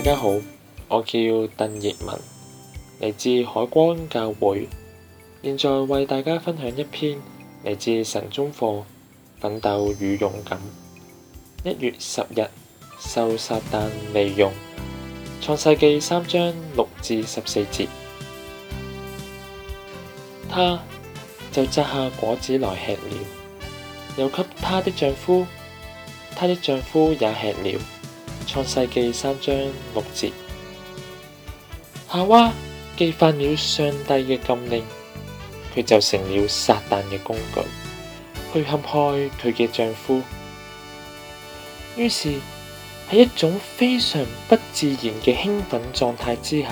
大家好，我叫鄧奕文，嚟自海光教會，現在為大家分享一篇嚟自神宗課《奮鬥與勇敢》。一月十日，受撒但利用《創世記》三章六至十四節，她就摘下果子來吃了，又給她的丈夫，她的丈夫也吃了。創世紀三章六節，夏娃既犯了上帝嘅禁令，佢就成了撒旦嘅工具，去陷害佢嘅丈夫。於是喺一種非常不自然嘅興奮狀態之下，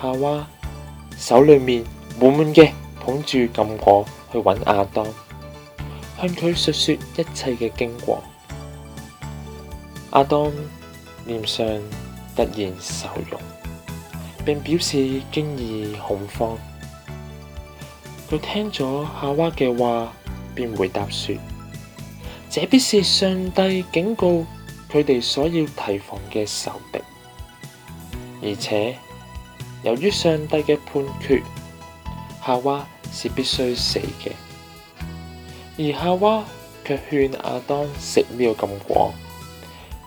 夏娃手裏面滿滿嘅捧住禁果去揾阿當，向佢述說一切嘅經過。阿當。臉上突然愁容，並表示驚異恐慌。佢聽咗夏娃嘅話，便回答說：這必是上帝警告佢哋所要提防嘅仇敵，而且由於上帝嘅判決，夏娃是必須死嘅。而夏娃卻勸亞當食呢個禁果。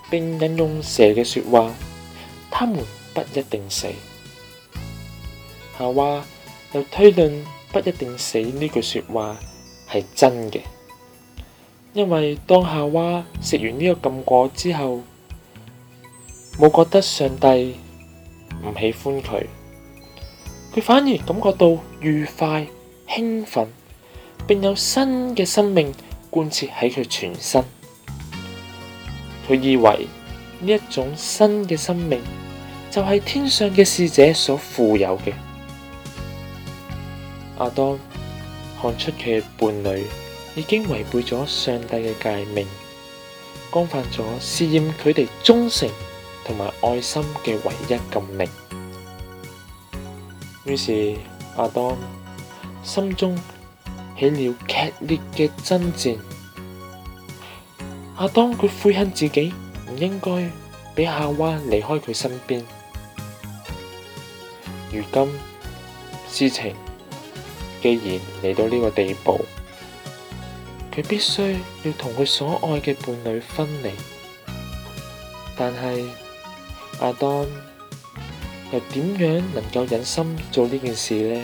並引用蛇嘅說話，他們不一定死。夏娃又推論不一定死呢句說話係真嘅，因為當夏娃食完呢個禁果之後，冇覺得上帝唔喜歡佢，佢反而感覺到愉快、興奮，並有新嘅生命貫徹喺佢全身。佢以為呢一種新嘅生命就係天上嘅使者所賦有嘅。亞當看出佢嘅伴侶已經違背咗上帝嘅誡命，干犯咗試驗佢哋忠誠同埋愛心嘅唯一禁令。於是亞當心中起了劇烈嘅爭戰。阿當佢悔恨自己唔應該俾夏娃離開佢身邊，如今事情既然嚟到呢個地步，佢必須要同佢所愛嘅伴侶分離，但係阿當又點樣能夠忍心做呢件事呢？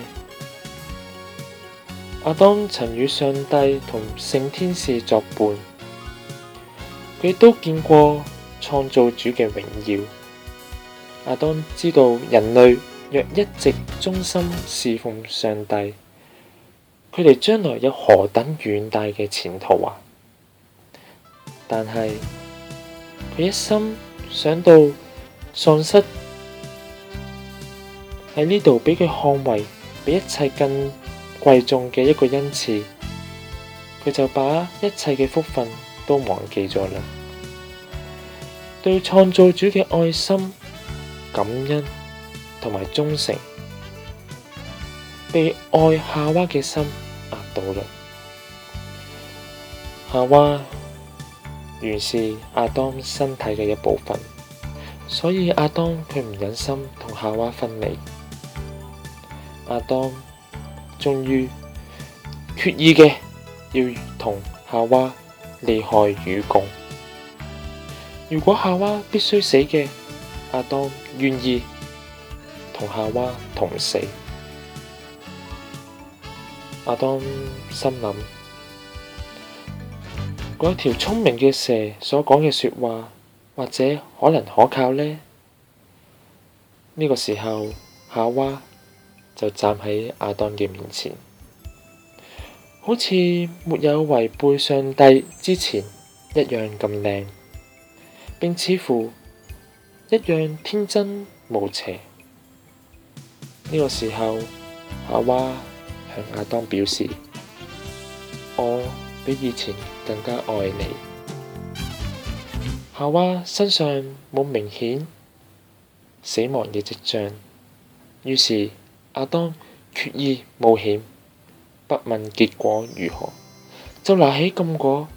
阿當曾與上帝同聖天使作伴。佢都見過創造主嘅榮耀，亞當知道人類若一直忠心侍奉上帝，佢哋將來有何等遠大嘅前途啊！但係佢一心想到喪失喺呢度俾佢看為，比一切更貴重嘅一個恩賜，佢就把一切嘅福分。都忘記咗啦！對創造主嘅愛心、感恩同埋忠誠，被愛夏娃嘅心壓倒啦。夏娃原是亞當身體嘅一部分，所以亞當佢唔忍心同夏娃分離。亞當終於決意嘅要同夏娃，利害與共。如果夏娃必須死嘅，阿當願意同夏娃同死。阿當心諗：嗰條聰明嘅蛇所講嘅說話，或者可能可靠呢？呢個時候，夏娃就站喺阿當嘅面前。好似沒有違背上帝之前一樣咁靚，並似乎一樣天真無邪。呢個時候，夏娃向亞當表示：我比以前更加愛你。夏娃身上冇明顯死亡嘅跡象，於是亞當決意冒險。不問結果如何，就拿起禁果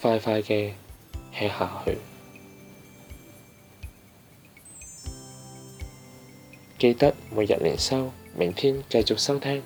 快快嘅吃下去。記得每日連收，明天繼續收聽。